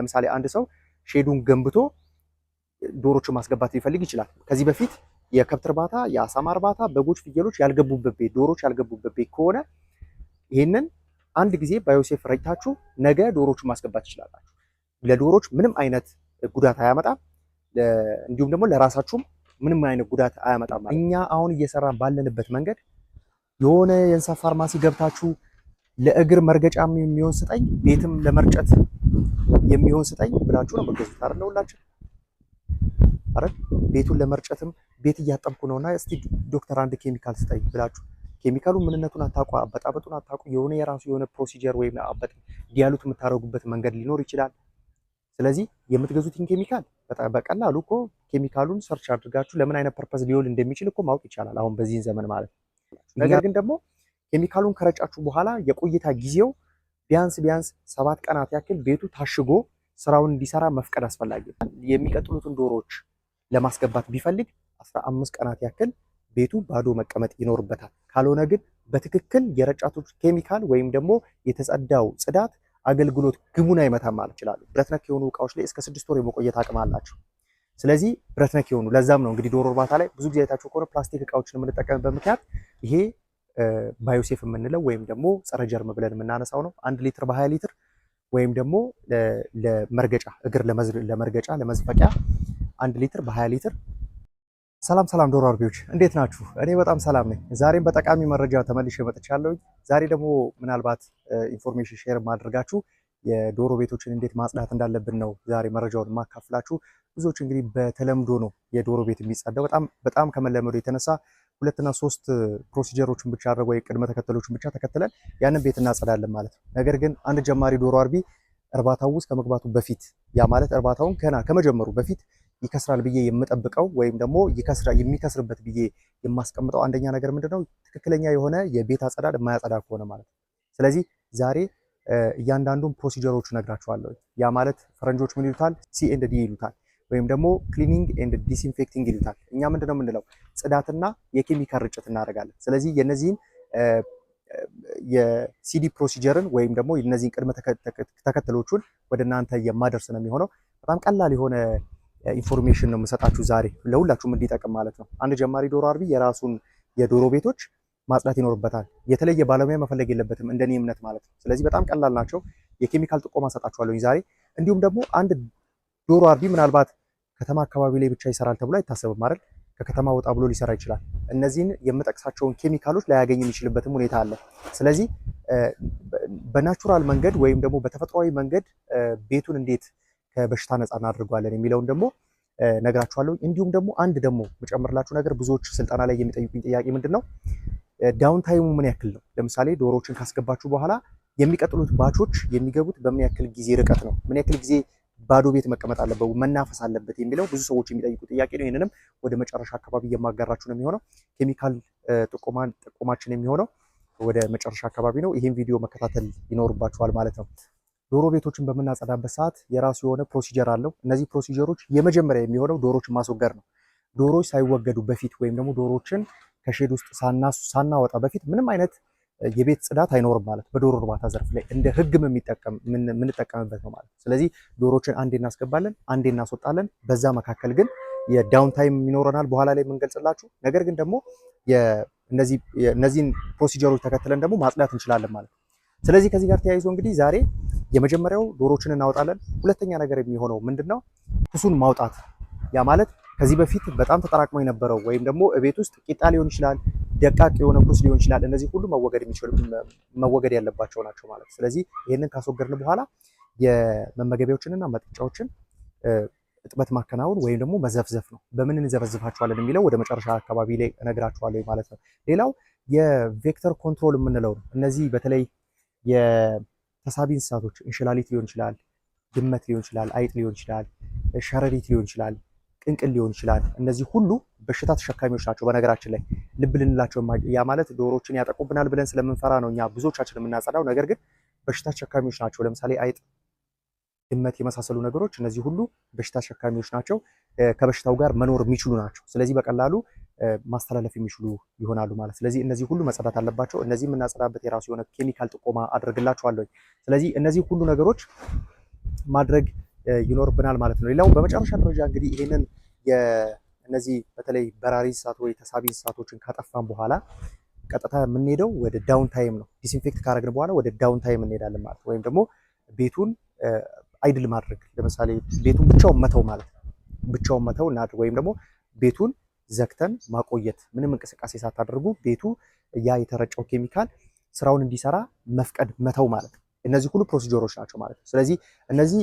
ለምሳሌ አንድ ሰው ሼዱን ገንብቶ ዶሮቹን ማስገባት ሊፈልግ ይችላል። ከዚህ በፊት የከብት እርባታ፣ የአሳማ እርባታ፣ በጎች፣ ፍየሎች ያልገቡበት ቤት፣ ዶሮች ያልገቡበት ቤት ከሆነ ይህንን አንድ ጊዜ ባዮሴፍ ረጭታችሁ ነገ ዶሮቹን ማስገባት ይችላላችሁ። ለዶሮች ምንም አይነት ጉዳት አያመጣም። እንዲሁም ደግሞ ለራሳችሁም ምንም አይነት ጉዳት አያመጣም። እኛ አሁን እየሰራን ባለንበት መንገድ የሆነ የእንስሳት ፋርማሲ ገብታችሁ ለእግር መርገጫም የሚሆን ስጠኝ፣ ቤትም ለመርጨት የሚሆን ስጠኝ ብላችሁ ነው መገዙት አይደል? ሁላችሁ አይደል? ቤቱን ለመርጨትም ቤት እያጠብኩ ነውና እስቲ ዶክተር አንድ ኬሚካል ስጠኝ ብላችሁ ኬሚካሉ ምንነቱን አታውቁ፣ አበጣበጡን አታውቁ። የሆነ የራሱ የሆነ ፕሮሲጀር ወይም አበጥ ዲያሉት የምታደርጉበት መንገድ ሊኖር ይችላል። ስለዚህ የምትገዙትን ኬሚካል በቀላሉ እኮ ኬሚካሉን ሰርች አድርጋችሁ ለምን አይነት ፐርፐዝ ሊውል እንደሚችል እኮ ማወቅ ይቻላል፣ አሁን በዚህን ዘመን ማለት ነገር ግን ደግሞ ኬሚካሉን ከረጫችሁ በኋላ የቆይታ ጊዜው ቢያንስ ቢያንስ ሰባት ቀናት ያክል ቤቱ ታሽጎ ስራውን እንዲሰራ መፍቀድ አስፈላጊ። የሚቀጥሉትን ዶሮዎች ለማስገባት ቢፈልግ አስራ አምስት ቀናት ያክል ቤቱ ባዶ መቀመጥ ይኖርበታል። ካልሆነ ግን በትክክል የረጫቶች ኬሚካል ወይም ደግሞ የተጸዳው ጽዳት አገልግሎት ግቡን አይመታም ማለት ይችላሉ። ብረት ነክ የሆኑ እቃዎች ላይ እስከ ስድስት ወር የመቆየት አቅም አላቸው። ስለዚህ ብረት ነክ የሆኑ ለዛም ነው እንግዲህ ዶሮ እርባታ ላይ ብዙ ጊዜ አይታችሁ ከሆነ ፕላስቲክ እቃዎችን የምንጠቀምበት ምክንያት ይሄ ባዮሴፍ የምንለው ወይም ደግሞ ጸረ ጀርም ብለን የምናነሳው ነው። አንድ ሊትር በ20 ሊትር ወይም ደግሞ ለመርገጫ እግር ለመርገጫ ለመዝፈቂያ አንድ ሊትር በ20 ሊትር። ሰላም ሰላም ዶሮ አርቢዎች እንዴት ናችሁ? እኔ በጣም ሰላም ነኝ። ዛሬም በጠቃሚ መረጃ ተመልሼ መጥቻለሁ። ዛሬ ደግሞ ምናልባት ኢንፎርሜሽን ሼር ማድረጋችሁ የዶሮ ቤቶችን እንዴት ማጽዳት እንዳለብን ነው ዛሬ መረጃውን ማካፍላችሁ። ብዙዎች እንግዲህ በተለምዶ ነው የዶሮ ቤት የሚጸዳው። በጣም በጣም ከመለመዱ የተነሳ ሁለትና ሶስት ፕሮሲጀሮችን ብቻ አድርገው የቅድመ ተከተሎችን ብቻ ተከትለን ያንን ቤት እናጸዳለን ማለት ነው። ነገር ግን አንድ ጀማሪ ዶሮ አርቢ እርባታው ውስጥ ከመግባቱ በፊት ያ ማለት እርባታውን ገና ከመጀመሩ በፊት ይከስራል ብዬ የምጠብቀው ወይም ደግሞ የሚከስርበት ብዬ የማስቀምጠው አንደኛ ነገር ምንድነው ትክክለኛ የሆነ የቤት አጸዳድ የማያጸዳ ከሆነ ማለት ነው። ስለዚህ ዛሬ እያንዳንዱን ፕሮሲጀሮች ነግራችኋለሁ። ያ ማለት ፈረንጆች ምን ይሉታል? ሲ ኤንድ ዲ ይሉታል። ወይም ደግሞ ክሊኒንግ ኤንድ ዲስኢንፌክቲንግ ይሉታል። እኛ ምንድነው የምንለው? ጽዳትና የኬሚካል ርጭት እናደርጋለን። ስለዚህ የነዚህን የሲዲ ፕሮሲጀርን ወይም ደግሞ እነዚህን ቅድመ ተከተሎቹን ወደ እናንተ የማደርስ ነው የሚሆነው። በጣም ቀላል የሆነ ኢንፎርሜሽን ነው የምሰጣችሁ ዛሬ ለሁላችሁም እንዲጠቅም ማለት ነው። አንድ ጀማሪ ዶሮ አርቢ የራሱን የዶሮ ቤቶች ማጽዳት ይኖርበታል። የተለየ ባለሙያ መፈለግ የለበትም እንደኔ እምነት ማለት ነው። ስለዚህ በጣም ቀላል ናቸው። የኬሚካል ጥቆማ ሰጣችኋለሁኝ ዛሬ። እንዲሁም ደግሞ አንድ ዶሮ አርቢ ምናልባት ከተማ አካባቢ ላይ ብቻ ይሰራል ተብሎ አይታሰብም አይደል? ከከተማ ወጣ ብሎ ሊሰራ ይችላል። እነዚህን የምጠቅሳቸውን ኬሚካሎች ላያገኝ የሚችልበትም ሁኔታ አለ። ስለዚህ በናቹራል መንገድ ወይም ደግሞ በተፈጥሯዊ መንገድ ቤቱን እንዴት ከበሽታ ነፃ እናድርገዋለን የሚለውን ደግሞ ነግራችኋለሁ። እንዲሁም ደግሞ አንድ ደግሞ መጨምርላችሁ ነገር ብዙዎች ስልጠና ላይ የሚጠይቁኝ ጥያቄ ምንድን ነው፣ ዳውን ታይሙ ምን ያክል ነው? ለምሳሌ ዶሮዎችን ካስገባችሁ በኋላ የሚቀጥሉት ባቾች የሚገቡት በምን ያክል ጊዜ ርቀት ነው? ምን ያክል ጊዜ ባዶ ቤት መቀመጥ አለበት፣ መናፈስ አለበት የሚለው ብዙ ሰዎች የሚጠይቁ ጥያቄ ነው። ይህንንም ወደ መጨረሻ አካባቢ የማጋራችሁ ነው የሚሆነው። ኬሚካል ጥቆማን ጥቆማችን የሚሆነው ወደ መጨረሻ አካባቢ ነው። ይህም ቪዲዮ መከታተል ይኖርባችኋል ማለት ነው። ዶሮ ቤቶችን በምናጸዳበት ሰዓት የራሱ የሆነ ፕሮሲጀር አለው። እነዚህ ፕሮሲጀሮች የመጀመሪያ የሚሆነው ዶሮችን ማስወገድ ነው። ዶሮች ሳይወገዱ በፊት ወይም ደግሞ ዶሮችን ከሼድ ውስጥ ሳናወጣ በፊት ምንም አይነት የቤት ጽዳት አይኖርም ማለት በዶሮ እርባታ ዘርፍ ላይ እንደ ህግም የምንጠቀምበት ነው ማለት። ስለዚህ ዶሮችን አንዴ እናስገባለን፣ አንዴ እናስወጣለን። በዛ መካከል ግን የዳውን ታይም ይኖረናል በኋላ ላይ የምንገልጽላችሁ። ነገር ግን ደግሞ እነዚህን ፕሮሲጀሮች ተከትለን ደግሞ ማጽዳት እንችላለን ማለት ነው። ስለዚህ ከዚህ ጋር ተያይዞ እንግዲህ ዛሬ የመጀመሪያው ዶሮችን እናወጣለን። ሁለተኛ ነገር የሚሆነው ምንድነው? ኩሱን ማውጣት። ያ ማለት ከዚህ በፊት በጣም ተጠራቅሞ የነበረው ወይም ደግሞ እቤት ውስጥ ቂጣ ሊሆን ይችላል ደቃቅ የሆነ ኩስ ሊሆን ይችላል። እነዚህ ሁሉ መወገድ የሚችሉ መወገድ ያለባቸው ናቸው ማለት። ስለዚህ ይህንን ካስወገድን በኋላ የመመገቢያዎችንና መጠጫዎችን እጥበት ማከናወን ወይም ደግሞ መዘፍዘፍ ነው። በምን እንዘፈዝፋቸዋለን የሚለው ወደ መጨረሻ አካባቢ ላይ እነግራቸዋለሁ ማለት ነው። ሌላው የቬክተር ኮንትሮል የምንለው ነው። እነዚህ በተለይ የተሳቢ እንስሳቶች እንሽላሊት ሊሆን ይችላል፣ ድመት ሊሆን ይችላል፣ አይጥ ሊሆን ይችላል፣ ሸረሪት ሊሆን ይችላል ቅንቅል ሊሆን ይችላል። እነዚህ ሁሉ በሽታ ተሸካሚዎች ናቸው። በነገራችን ላይ ልብ ልንላቸው ያ ማለት ዶሮችን ያጠቁብናል ብለን ስለምንፈራ ነው እኛ ብዙዎቻችን የምናጸዳው። ነገር ግን በሽታ ተሸካሚዎች ናቸው። ለምሳሌ አይጥ፣ ድመት የመሳሰሉ ነገሮች እነዚህ ሁሉ በሽታ ተሸካሚዎች ናቸው። ከበሽታው ጋር መኖር የሚችሉ ናቸው። ስለዚህ በቀላሉ ማስተላለፍ የሚችሉ ይሆናሉ ማለት። ስለዚህ እነዚህ ሁሉ መጸዳት አለባቸው። እነዚህ የምናጸዳበት የራሱ የሆነ ኬሚካል ጥቆማ አድርግላችኋለሁ። ስለዚህ እነዚህ ሁሉ ነገሮች ማድረግ ይኖርብናል ማለት ነው። ሌላው በመጨረሻ ደረጃ እንግዲህ ይህንን እነዚህ በተለይ በራሪ እንስሳቶች ተሳቢ እንስሳቶችን ካጠፋን በኋላ ቀጥታ የምንሄደው ወደ ዳውን ታይም ነው። ዲስኢንፌክት ካረግን በኋላ ወደ ዳውን ታይም እንሄዳለን ማለት ወይም ደግሞ ቤቱን አይድል ማድረግ ለምሳሌ ቤቱን ብቻውን መተው ማለት ነው። ብቻውን መተው እናድርግ ወይም ደግሞ ቤቱን ዘግተን ማቆየት ምንም እንቅስቃሴ ሳታደርጉ ቤቱ ያ የተረጨው ኬሚካል ስራውን እንዲሰራ መፍቀድ መተው ማለት ነው። እነዚህ ሁሉ ፕሮሲጀሮች ናቸው ማለት ነው። ስለዚህ እነዚህ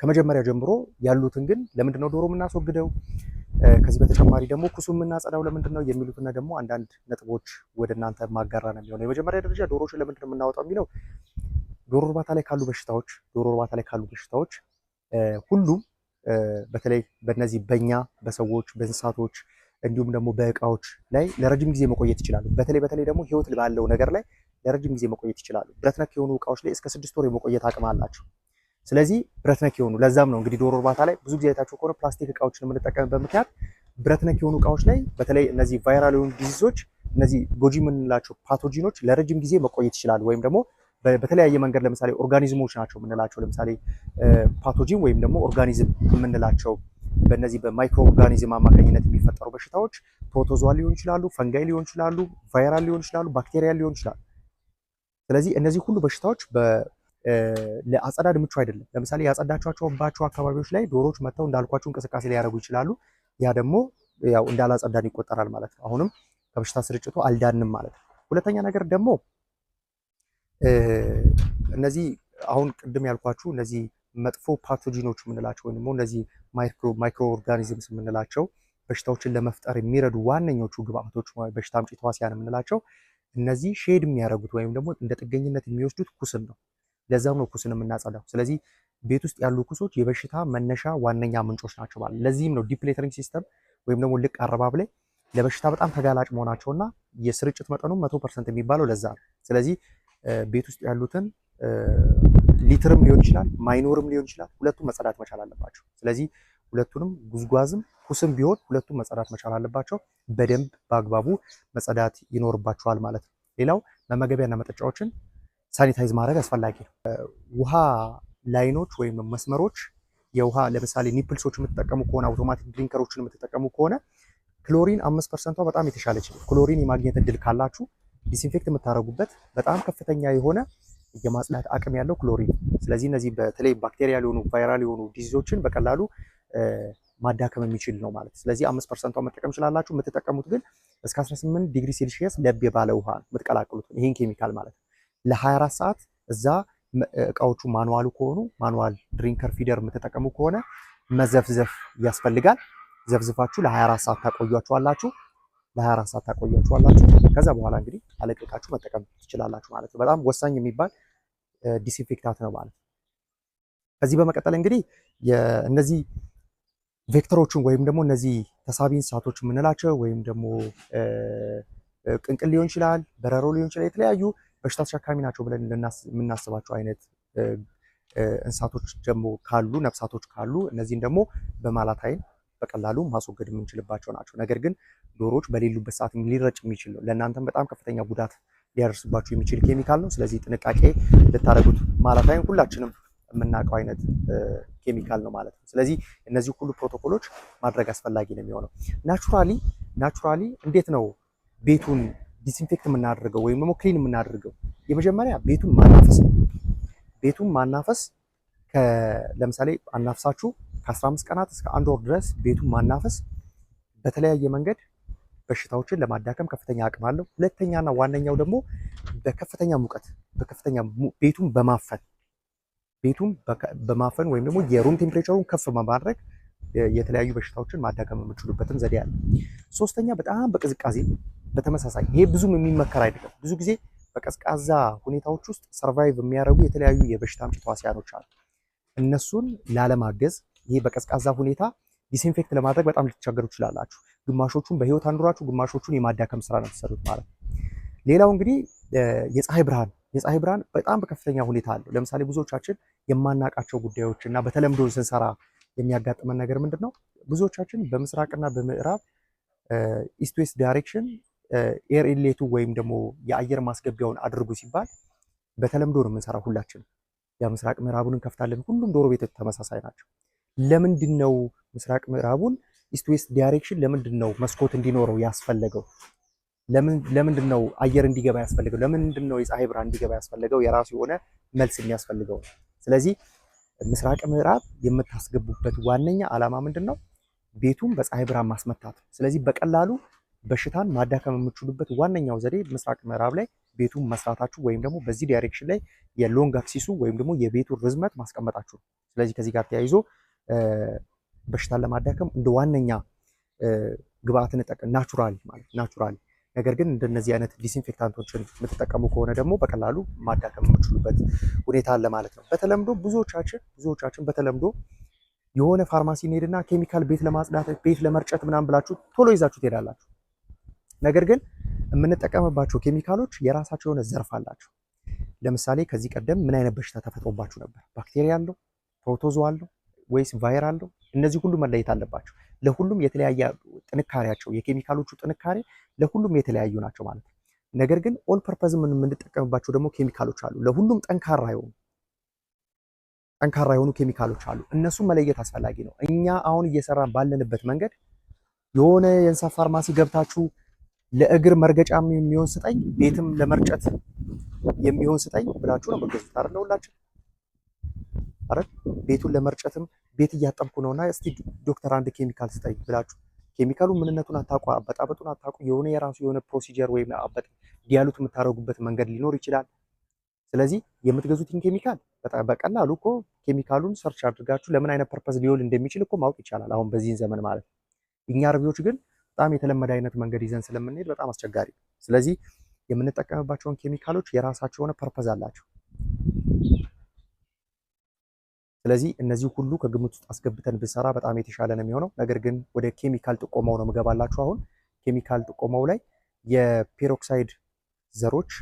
ከመጀመሪያ ጀምሮ ያሉትን ግን ለምንድነው ዶሮ የምናስወግደው፣ ከዚህ በተጨማሪ ደግሞ ኩሱ የምናጸዳው ለምንድን ነው የሚሉትና ደግሞ አንዳንድ ነጥቦች ወደ እናንተ ማጋራ ነው የሚሆነው። የመጀመሪያ ደረጃ ዶሮዎችን ለምንድን ነው የምናወጣው የሚለው ዶሮ እርባታ ላይ ካሉ በሽታዎች ዶሮ እርባታ ላይ ካሉ በሽታዎች ሁሉም በተለይ በነዚህ በእኛ በሰዎች በእንስሳቶች እንዲሁም ደግሞ በእቃዎች ላይ ለረጅም ጊዜ መቆየት ይችላሉ። በተለይ በተለይ ደግሞ ህይወት ባለው ነገር ላይ ለረጅም ጊዜ መቆየት ይችላሉ። ብረት ነክ የሆኑ እቃዎች ላይ እስከ ስድስት ወር የመቆየት አቅም አላቸው። ስለዚህ ብረት ነክ የሆኑ ለዛም ነው እንግዲህ ዶሮ እርባታ ላይ ብዙ ጊዜ አይታችሁ ከሆነ ፕላስቲክ እቃዎችን የምንጠቀምበት ምክንያት ብረት ነክ የሆኑ እቃዎች ላይ በተለይ እነዚህ ቫይራል የሆኑ ዲዚዞች እነዚህ ጎጂ የምንላቸው ፓቶጂኖች ለረጅም ጊዜ መቆየት ይችላሉ። ወይም ደግሞ በተለያየ መንገድ ለምሳሌ ኦርጋኒዝሞች ናቸው የምንላቸው ለምሳሌ ፓቶጂን ወይም ደግሞ ኦርጋኒዝም የምንላቸው በእነዚህ በማይክሮ ኦርጋኒዝም አማካኝነት የሚፈጠሩ በሽታዎች ፕሮቶዞዋ ሊሆን ይችላሉ፣ ፈንጋይ ሊሆን ይችላሉ፣ ቫይራል ሊሆን ይችላሉ፣ ባክቴሪያ ሊሆን ይችላሉ። ስለዚህ እነዚህ ሁሉ በሽታዎች ለአጸዳድ ምቹ አይደለም። ለምሳሌ ያጸዳችኋቸውባቸው አካባቢዎች ላይ ዶሮዎች መጥተው እንዳልኳቸው እንቅስቃሴ ሊያደርጉ ይችላሉ። ያ ደግሞ ያው እንዳላጸዳን ይቆጠራል ማለት ነው። አሁንም ከበሽታ ስርጭቱ አልዳንም ማለት ነው። ሁለተኛ ነገር ደግሞ እነዚህ አሁን ቅድም ያልኳችሁ እነዚህ መጥፎ ፓቶጂኖች የምንላቸው ወይም ደግሞ እነዚህ ማይክሮ ኦርጋኒዝምስ የምንላቸው በሽታዎችን ለመፍጠር የሚረዱ ዋነኞቹ ግብአቶች በሽታ አምጪ ተዋሲያን የምንላቸው እነዚህ ሼድ የሚያደርጉት ወይም ደግሞ እንደ ጥገኝነት የሚወስዱት ኩስን ነው። ለዛም ነው ኩስን የምናጸዳው። ስለዚህ ቤት ውስጥ ያሉ ኩሶች የበሽታ መነሻ ዋነኛ ምንጮች ናቸው ማለት። ለዚህም ነው ዲፕሌተሪንግ ሲስተም ወይም ደግሞ ልቅ አረባብ ላይ ለበሽታ በጣም ተጋላጭ መሆናቸውና የስርጭት መጠኑ መቶ ፐርሰንት የሚባለው ለዛ ነው። ስለዚህ ቤት ውስጥ ያሉትን ሊትርም ሊሆን ይችላል ማይኖርም ሊሆን ይችላል፣ ሁለቱም መጸዳት መቻል አለባቸው። ስለዚህ ሁለቱንም ጉዝጓዝም ኩስም ቢሆን ሁለቱም መጸዳት መቻል አለባቸው። በደንብ በአግባቡ መጸዳት ይኖርባቸዋል ማለት ነው። ሌላው መመገቢያና መጠጫዎችን ሳኒታይዝ ማድረግ አስፈላጊ ነው። ውሃ ላይኖች ወይም መስመሮች የውሃ ለምሳሌ ኒፕልሶች የምትጠቀሙ ከሆነ አውቶማቲክ ድሪንከሮችን የምትጠቀሙ ከሆነ ክሎሪን አምስት ፐርሰንቷ በጣም የተሻለች ክሎሪን የማግኘት እድል ካላችሁ ዲስኢንፌክት የምታደረጉበት በጣም ከፍተኛ የሆነ የማጽዳት አቅም ያለው ክሎሪን። ስለዚህ እነዚህ በተለይ ባክቴሪያ ሊሆኑ ቫይራል የሆኑ ዲዚዞችን በቀላሉ ማዳከም የሚችል ነው ማለት። ስለዚህ አምስት ፐርሰንቷ መጠቀም ይችላላችሁ። የምትጠቀሙት ግን እስከ 18 ዲግሪ ሴልሺየስ ለብ የባለ ውሃ ነው የምትቀላቅሉት፣ ይህን ኬሚካል ማለት ነው። ለ24 ሰዓት እዛ እቃዎቹ ማኑዋሉ ከሆኑ ማኑዋል ድሪንከር ፊደር የምትጠቀሙ ከሆነ መዘፍዘፍ ያስፈልጋል። ዘፍዝፋችሁ ለ24 ሰዓት ታቆያችኋላችሁ። ለ24 ሰዓት ታቆያችኋላችሁ። ከዛ በኋላ እንግዲህ አለቅቃችሁ መጠቀም ትችላላችሁ ማለት ነው። በጣም ወሳኝ የሚባል ዲስኢንፌክታት ነው ማለት ነው። ከዚህ በመቀጠል እንግዲህ እነዚህ ቬክተሮቹን ወይም ደግሞ እነዚህ ተሳቢ እንስሳቶች የምንላቸው ወይም ደግሞ ቅንቅል ሊሆን ይችላል፣ በረሮ ሊሆን ይችላል፣ የተለያዩ በሽታ ተሸካሚ ናቸው ብለን የምናስባቸው አይነት እንስሳቶች ደግሞ ካሉ ነፍሳቶች ካሉ እነዚህን ደግሞ በማላት አይን በቀላሉ ማስወገድ የምንችልባቸው ናቸው። ነገር ግን ዶሮዎች በሌሉበት ሰዓት ሊረጭ የሚችል ነው። ለእናንተም በጣም ከፍተኛ ጉዳት ሊያደርስባቸው የሚችል ኬሚካል ነው። ስለዚህ ጥንቃቄ ልታደርጉት ማላት አይን ሁላችንም የምናውቀው አይነት ኬሚካል ነው ማለት ነው። ስለዚህ እነዚህ ሁሉ ፕሮቶኮሎች ማድረግ አስፈላጊ ነው የሚሆነው። ናቹራሊ ናቹራሊ እንዴት ነው ቤቱን ዲስኢንፌክት የምናደርገው ወይም ደግሞ ክሊን የምናደርገው? የመጀመሪያ ቤቱን ማናፈስ ነው። ቤቱን ማናፈስ ለምሳሌ አናፍሳችሁ ከ15 ቀናት እስከ አንድ ወር ድረስ ቤቱን ማናፈስ በተለያየ መንገድ በሽታዎችን ለማዳከም ከፍተኛ አቅም አለው። ሁለተኛና ዋነኛው ደግሞ በከፍተኛ ሙቀት በከፍተኛ ቤቱን በማፈን ቤቱን በማፈን ወይም ደግሞ የሩም ቴምፕሬቸሩን ከፍ በማድረግ የተለያዩ በሽታዎችን ማዳከም የምችሉበትም ዘዴ አለ። ሶስተኛ በጣም በቅዝቃዜ በተመሳሳይ ይሄ ብዙም የሚመከር አይደለም። ብዙ ጊዜ በቀዝቃዛ ሁኔታዎች ውስጥ ሰርቫይቭ የሚያደርጉ የተለያዩ የበሽታ አምጪ ተዋሲያኖች አሉ። እነሱን ላለማገዝ ይሄ በቀዝቃዛ ሁኔታ ዲስኢንፌክት ለማድረግ በጣም ልትቸገሩ ትችላላችሁ። ግማሾቹን በህይወት አንዱራችሁ፣ ግማሾቹን የማዳከም ስራ ነው የተሰሩት ማለት ነው። ሌላው እንግዲህ የፀሐይ ብርሃን የፀሐይ ብርሃን በጣም በከፍተኛ ሁኔታ አለው። ለምሳሌ ብዙዎቻችን የማናውቃቸው ጉዳዮች እና በተለምዶ ስንሰራ የሚያጋጥመን ነገር ምንድን ነው? ብዙዎቻችን በምስራቅና በምዕራብ ኢስት ዌስት ዳይሬክሽን ኤር ኢንሌቱ ወይም ደግሞ የአየር ማስገቢያውን አድርጉ ሲባል በተለምዶ ነው የምንሰራው። ሁላችን ያ ምስራቅ ምዕራቡን እንከፍታለን። ሁሉም ዶሮ ቤቶች ተመሳሳይ ናቸው። ለምንድን ነው ምስራቅ ምዕራቡን ኢስት ዌስት ዳይሬክሽን ለምንድን ነው መስኮት እንዲኖረው ያስፈለገው? ለምንድን ነው አየር እንዲገባ ያስፈለገው? ለምንድን ነው የፀሐይ ብርሃን እንዲገባ ያስፈለገው? የራሱ የሆነ መልስ የሚያስፈልገው ስለዚህ ምስራቅ ምዕራብ የምታስገቡበት ዋነኛ ዓላማ ምንድን ነው? ቤቱን በፀሐይ ብርሃን ማስመታት። ስለዚህ በቀላሉ በሽታን ማዳከም የምችሉበት ዋነኛው ዘዴ ምስራቅ ምዕራብ ላይ ቤቱን መስራታችሁ ወይም ደግሞ በዚህ ዳይሬክሽን ላይ የሎንግ አክሲሱ ወይም ደግሞ የቤቱ ርዝመት ማስቀመጣችሁ። ስለዚህ ከዚህ ጋር ተያይዞ በሽታን ለማዳከም እንደ ዋነኛ ግብአትን ጠቀ ናቹራል ማለት ናቹራል ነገር ግን እንደነዚህ አይነት ዲስኢንፌክታንቶችን የምትጠቀሙ ከሆነ ደግሞ በቀላሉ ማዳከም የምችሉበት ሁኔታ አለ ማለት ነው። በተለምዶ ብዙዎቻችን ብዙዎቻችን በተለምዶ የሆነ ፋርማሲ እንሄድና ኬሚካል ቤት ለማጽዳት ቤት ለመርጨት ምናምን ብላችሁ ቶሎ ይዛችሁ ትሄዳላችሁ። ነገር ግን የምንጠቀምባቸው ኬሚካሎች የራሳቸው የሆነ ዘርፍ አላቸው። ለምሳሌ ከዚህ ቀደም ምን አይነት በሽታ ተፈጥሮባችሁ ነበር? ባክቴሪያ አለው፣ ፕሮቶዞ አለው፣ ወይስ ቫይራል ነው? እነዚህ ሁሉ መለየት አለባቸው። ለሁሉም የተለያየ ጥንካሬያቸው፣ የኬሚካሎቹ ጥንካሬ ለሁሉም የተለያዩ ናቸው ማለት ነው። ነገር ግን ኦል ፐርፐዝ የምንጠቀምባቸው ደግሞ ኬሚካሎች አሉ። ለሁሉም ጠንካራ የሆኑ ጠንካራ የሆኑ ኬሚካሎች አሉ። እነሱ መለየት አስፈላጊ ነው። እኛ አሁን እየሰራን ባለንበት መንገድ የሆነ የእንስሳት ፋርማሲ ገብታችሁ ለእግር መርገጫ የሚሆን ስጠኝ፣ ቤትም ለመርጨት የሚሆን ስጠኝ ብላችሁ ነው መገዙት አይደል? አረ ቤቱን ለመርጨትም ቤት እያጠብኩ እና እስቲ ዶክተር አንድ ኬሚካል ስጠኝ ብላችሁ ኬሚካሉ ምንነቱን አታውቁ፣ አበጣበጡን አታውቁ። የሆነ የራሱ የሆነ ፕሮሲጀር ወይም አበጥ ዲያሉት የምታደርጉበት መንገድ ሊኖር ይችላል። ስለዚህ የምትገዙትን ኬሚካል በቀላሉ እኮ ኬሚካሉን ሰርች አድርጋችሁ ለምን አይነት ፐርፐዝ ሊውል እንደሚችል እኮ ማወቅ ይቻላል። አሁን በዚህን ዘመን ማለት ነው። እኛ አርቢዎች ግን በጣም የተለመደ አይነት መንገድ ይዘን ስለምንሄድ በጣም አስቸጋሪ። ስለዚህ የምንጠቀምባቸውን ኬሚካሎች የራሳቸው የሆነ ፐርፐዝ አላቸው። ስለዚህ እነዚህ ሁሉ ከግምት ውስጥ አስገብተን ብንሰራ በጣም የተሻለ ነው የሚሆነው። ነገር ግን ወደ ኬሚካል ጥቆማው ነው ምገባላችሁ። አሁን ኬሚካል ጥቆማው ላይ የፔሮክሳይድ ዘሮች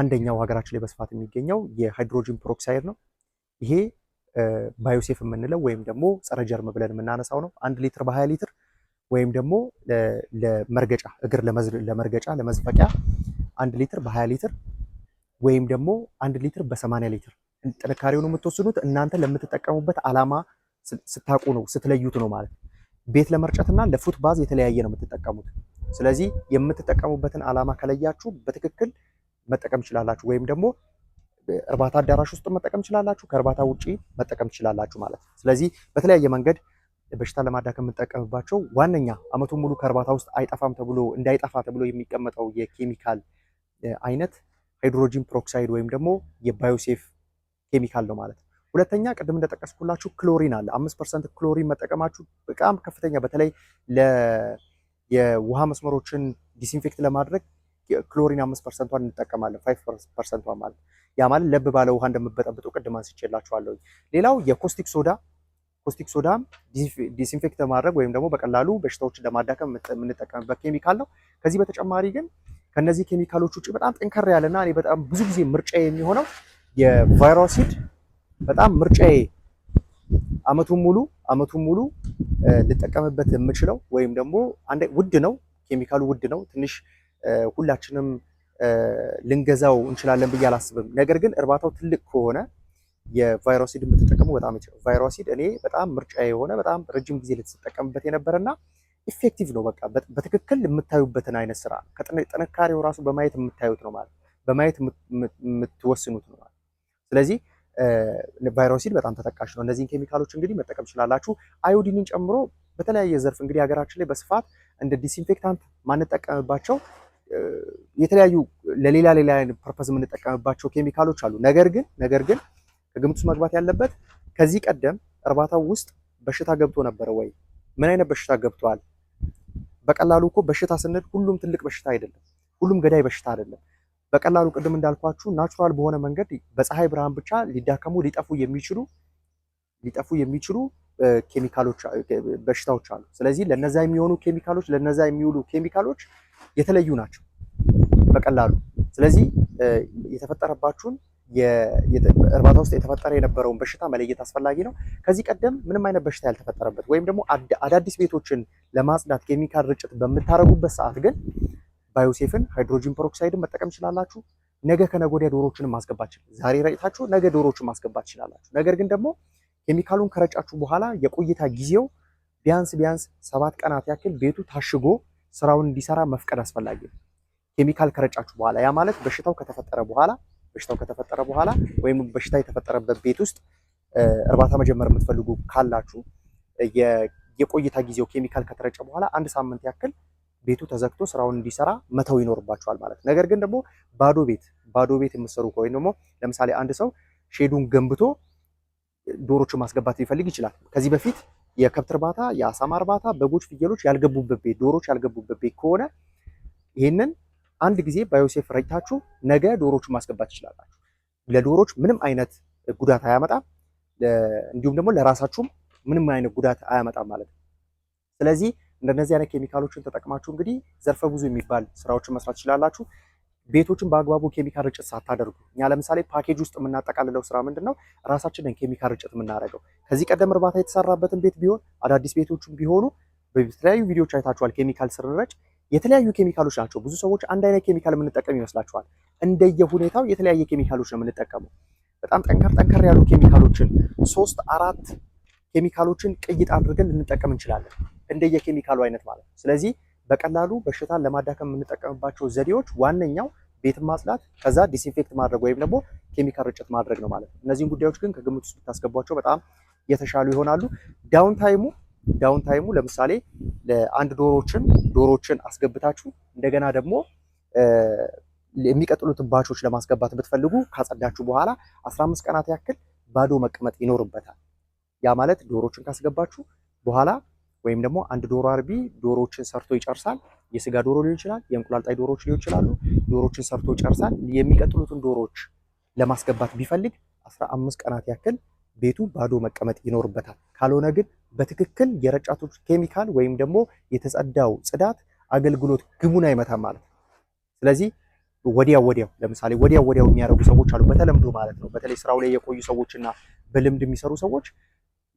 አንደኛው ሀገራችን ላይ በስፋት የሚገኘው የሃይድሮጂን ፔሮክሳይድ ነው። ይሄ ባዮሴፍ የምንለው ወይም ደግሞ ጸረ ጀርም ብለን የምናነሳው ነው። አንድ ሊትር በሀያ ሊትር ወይም ደግሞ ለመርገጫ እግር ለመርገጫ ለመዝፈቂያ አንድ ሊትር በሀያ ሊትር ወይም ደግሞ አንድ ሊትር በሰማንያ ሊትር ጥንካሬውን የምትወስኑት እናንተ ለምትጠቀሙበት አላማ ስታቁ ነው፣ ስትለዩት ነው ማለት ቤት ለመርጨትና ለፉት ባዝ የተለያየ ነው የምትጠቀሙት። ስለዚህ የምትጠቀሙበትን አላማ ከለያችሁ በትክክል መጠቀም ትችላላችሁ። ወይም ደግሞ እርባታ አዳራሽ ውስጥ መጠቀም ትችላላችሁ፣ ከእርባታ ውጪ መጠቀም ትችላላችሁ ማለት ነው። ስለዚህ በተለያየ መንገድ በሽታ ለማዳከም የምንጠቀምባቸው ዋነኛ አመቱን ሙሉ ከእርባታ ውስጥ አይጠፋም ተብሎ እንዳይጠፋ ተብሎ የሚቀመጠው የኬሚካል አይነት ሃይድሮጂን ፕሮክሳይድ ወይም ደግሞ የባዮሴፍ ኬሚካል ነው ማለት ነው። ሁለተኛ ቅድም እንደጠቀስኩላችሁ ክሎሪን አለ። አምስት ፐርሰንት ክሎሪን መጠቀማችሁ በጣም ከፍተኛ በተለይ የውሃ መስመሮችን ዲስኢንፌክት ለማድረግ ክሎሪን አምስት ፐርሰንቷን እንጠቀማለን። ፋይቭ ፐርሰንቷን ማለት ያ ማለት ለብ ባለ ውሃ እንደምበጠብጡ ቅድም አንስቼላችኋለሁ። ሌላው የኮስቲክ ሶዳ ኮስቲክ ሶዳ ዲስኢንፌክት ለማድረግ ወይም ደግሞ በቀላሉ በሽታዎችን ለማዳከም የምንጠቀምበት ኬሚካል ነው። ከዚህ በተጨማሪ ግን ከነዚህ ኬሚካሎች ውጭ በጣም ጠንከር ያለና እኔ በጣም ብዙ ጊዜ ምርጫ የሚሆነው የቫይሮሲድ በጣም ምርጫዬ አመቱን ሙሉ አመቱን ሙሉ ልጠቀምበት የምችለው ወይም ደግሞ አንድ ውድ ነው፣ ኬሚካሉ ውድ ነው። ትንሽ ሁላችንም ልንገዛው እንችላለን ብዬ አላስብም። ነገር ግን እርባታው ትልቅ ከሆነ የቫይሮሲድ የምትጠቀሙ በጣም ቫይሮሲድ እኔ በጣም ምርጫ የሆነ በጣም ረጅም ጊዜ ልትጠቀምበት የነበረና ኢፌክቲቭ ነው። በቃ በትክክል የምታዩበትን አይነት ስራ ከጥንካሬው ራሱ በማየት የምታዩት ነው ማለት በማየት የምትወስኑት ነው። ስለዚህ ቫይሮሲድ በጣም ተጠቃሽ ነው። እነዚህን ኬሚካሎች እንግዲህ መጠቀም ትችላላችሁ። አዮዲንን ጨምሮ በተለያየ ዘርፍ እንግዲህ ሀገራችን ላይ በስፋት እንደ ዲስኢንፌክታንት ማንጠቀምባቸው የተለያዩ ለሌላ ሌላ ፐርፐዝ የምንጠቀምባቸው ኬሚካሎች አሉ። ነገር ግን ነገር ግን ከግምት ውስጥ መግባት ያለበት ከዚህ ቀደም እርባታው ውስጥ በሽታ ገብቶ ነበረ ወይ? ምን አይነት በሽታ ገብቷል? በቀላሉ እኮ በሽታ ስንል ሁሉም ትልቅ በሽታ አይደለም፣ ሁሉም ገዳይ በሽታ አይደለም። በቀላሉ ቅድም እንዳልኳችሁ ናቹራል በሆነ መንገድ በፀሐይ ብርሃን ብቻ ሊዳከሙ ሊጠፉ የሚችሉ ሊጠፉ የሚችሉ ኬሚካሎች በሽታዎች አሉ። ስለዚህ ለነዛ የሚሆኑ ኬሚካሎች ለነዛ የሚውሉ ኬሚካሎች የተለዩ ናቸው በቀላሉ ስለዚህ የተፈጠረባችሁን እርባታ ውስጥ የተፈጠረ የነበረውን በሽታ መለየት አስፈላጊ ነው። ከዚህ ቀደም ምንም አይነት በሽታ ያልተፈጠረበት ወይም ደግሞ አዳዲስ ቤቶችን ለማጽዳት ኬሚካል ርጭት በምታደርጉበት ሰዓት ግን ባዮሴፍን፣ ሃይድሮጂን ፐሮክሳይድን መጠቀም ትችላላችሁ። ነገ ከነገ ወዲያ ዶሮዎችንም ማስገባት ዛሬ ረጭታችሁ ነገ ዶሮዎችን ማስገባት ትችላላችሁ። ነገር ግን ደግሞ ኬሚካሉን ከረጫችሁ በኋላ የቆይታ ጊዜው ቢያንስ ቢያንስ ሰባት ቀናት ያክል ቤቱ ታሽጎ ስራውን እንዲሰራ መፍቀድ አስፈላጊ ነው። ኬሚካል ከረጫችሁ በኋላ ያ ማለት በሽታው ከተፈጠረ በኋላ በሽታው ከተፈጠረ በኋላ ወይም በሽታ የተፈጠረበት ቤት ውስጥ እርባታ መጀመር የምትፈልጉ ካላችሁ የቆይታ ጊዜው ኬሚካል ከተረጨ በኋላ አንድ ሳምንት ያክል ቤቱ ተዘግቶ ስራውን እንዲሰራ መተው ይኖርባቸዋል ማለት ነገር ግን ደግሞ ባዶ ቤት ባዶ ቤት የምትሰሩ ከወይም ደግሞ ለምሳሌ አንድ ሰው ሼዱን ገንብቶ ዶሮችን ማስገባት ሊፈልግ ይችላል። ከዚህ በፊት የከብት እርባታ፣ የአሳማ እርባታ፣ በጎች፣ ፍየሎች ያልገቡበት ቤት፣ ዶሮች ያልገቡበት ቤት ከሆነ ይህንን አንድ ጊዜ ባዮሴፍ ረጭታችሁ ነገ ዶሮችን ማስገባት ይችላላችሁ። ለዶሮች ምንም አይነት ጉዳት አያመጣም። እንዲሁም ደግሞ ለራሳችሁም ምንም አይነት ጉዳት አያመጣም ማለት ነው። ስለዚህ እንደነዚህ አይነት ኬሚካሎችን ተጠቅማችሁ እንግዲህ ዘርፈ ብዙ የሚባል ስራዎችን መስራት ትችላላችሁ። ቤቶችን በአግባቡ ኬሚካል ርጭት ሳታደርጉ እኛ ለምሳሌ ፓኬጅ ውስጥ የምናጠቃልለው ስራ ምንድን ነው? ራሳችንን ኬሚካል ርጭት የምናደርገው ከዚህ ቀደም እርባታ የተሰራበትን ቤት ቢሆን አዳዲስ ቤቶችን ቢሆኑ በተለያዩ ቪዲዮዎች አይታችኋል። ኬሚካል ስንረጭ የተለያዩ ኬሚካሎች ናቸው። ብዙ ሰዎች አንድ አይነት ኬሚካል የምንጠቀም ይመስላችኋል። ሁኔታው የተለያየ ኬሚካሎች ነው የምንጠቀመው። በጣም ጠንከር ጠንከር ያሉ ኬሚካሎችን ሶስት አራት ኬሚካሎችን ቅይጥ አድርገን ልንጠቀም እንችላለን። እንደየኬሚካሉ አይነት ማለት ነው። ስለዚህ በቀላሉ በሽታን ለማዳከም የምንጠቀምባቸው ዘዴዎች ዋነኛው ቤትን ማጽዳት ከዛ ዲስኢንፌክት ማድረግ ወይም ደግሞ ኬሚካል ርጭት ማድረግ ነው ማለት ነው። እነዚህን ጉዳዮች ግን ከግምት ውስጥ ብታስገቧቸው በጣም የተሻሉ ይሆናሉ። ዳውን ታይሙ ዳውን ታይሙ ለምሳሌ ለአንድ ዶሮችን ዶሮችን አስገብታችሁ እንደገና ደግሞ የሚቀጥሉትን ባቾች ለማስገባት ብትፈልጉ ካጸዳችሁ በኋላ 15 ቀናት ያክል ባዶ መቀመጥ ይኖርበታል። ያ ማለት ዶሮችን ካስገባችሁ በኋላ ወይም ደግሞ አንድ ዶሮ አርቢ ዶሮዎችን ሰርቶ ይጨርሳል። የስጋ ዶሮ ሊሆን ይችላል፣ የእንቁላል ጣይ ዶሮዎች ሊሆን ይችላሉ። ዶሮዎችን ሰርቶ ይጨርሳል። የሚቀጥሉትን ዶሮዎች ለማስገባት ቢፈልግ አስራ አምስት ቀናት ያክል ቤቱ ባዶ መቀመጥ ይኖርበታል። ካልሆነ ግን በትክክል የረጫቶች ኬሚካል ወይም ደግሞ የተጸዳው ጽዳት አገልግሎት ግቡን አይመታም ማለት ነው። ስለዚህ ወዲያው ወዲያው ለምሳሌ ወዲያው ወዲያው የሚያደርጉ ሰዎች አሉ፣ በተለምዶ ማለት ነው። በተለይ ስራው ላይ የቆዩ ሰዎችና በልምድ የሚሰሩ ሰዎች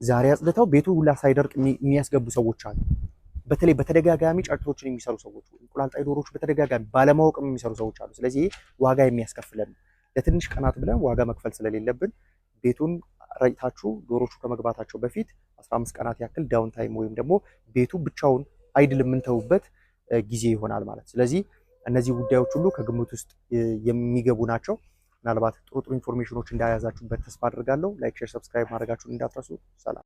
ዛሬ አጽድተው ቤቱ ሁላ ሳይደርቅ የሚያስገቡ ሰዎች አሉ። በተለይ በተደጋጋሚ ጫጭቶችን የሚሰሩ ሰዎች፣ እንቁላልጣይ ዶሮች በተደጋጋሚ ባለማወቅም የሚሰሩ ሰዎች አሉ። ስለዚህ ዋጋ የሚያስከፍለን ለትንሽ ቀናት ብለን ዋጋ መክፈል ስለሌለብን ቤቱን ረጭታችሁ ዶሮቹ ከመግባታቸው በፊት 15 ቀናት ያክል ዳውን ታይም ወይም ደግሞ ቤቱ ብቻውን አይድል የምንተውበት ጊዜ ይሆናል ማለት። ስለዚህ እነዚህ ጉዳዮች ሁሉ ከግምት ውስጥ የሚገቡ ናቸው። ምናልባት ጥሩ ጥሩ ኢንፎርሜሽኖች እንዳያዛችሁበት ተስፋ አድርጋለሁ። ላይክ፣ ሼር፣ ሰብስክራይብ ማድረጋችሁን እንዳትረሱ። ሰላም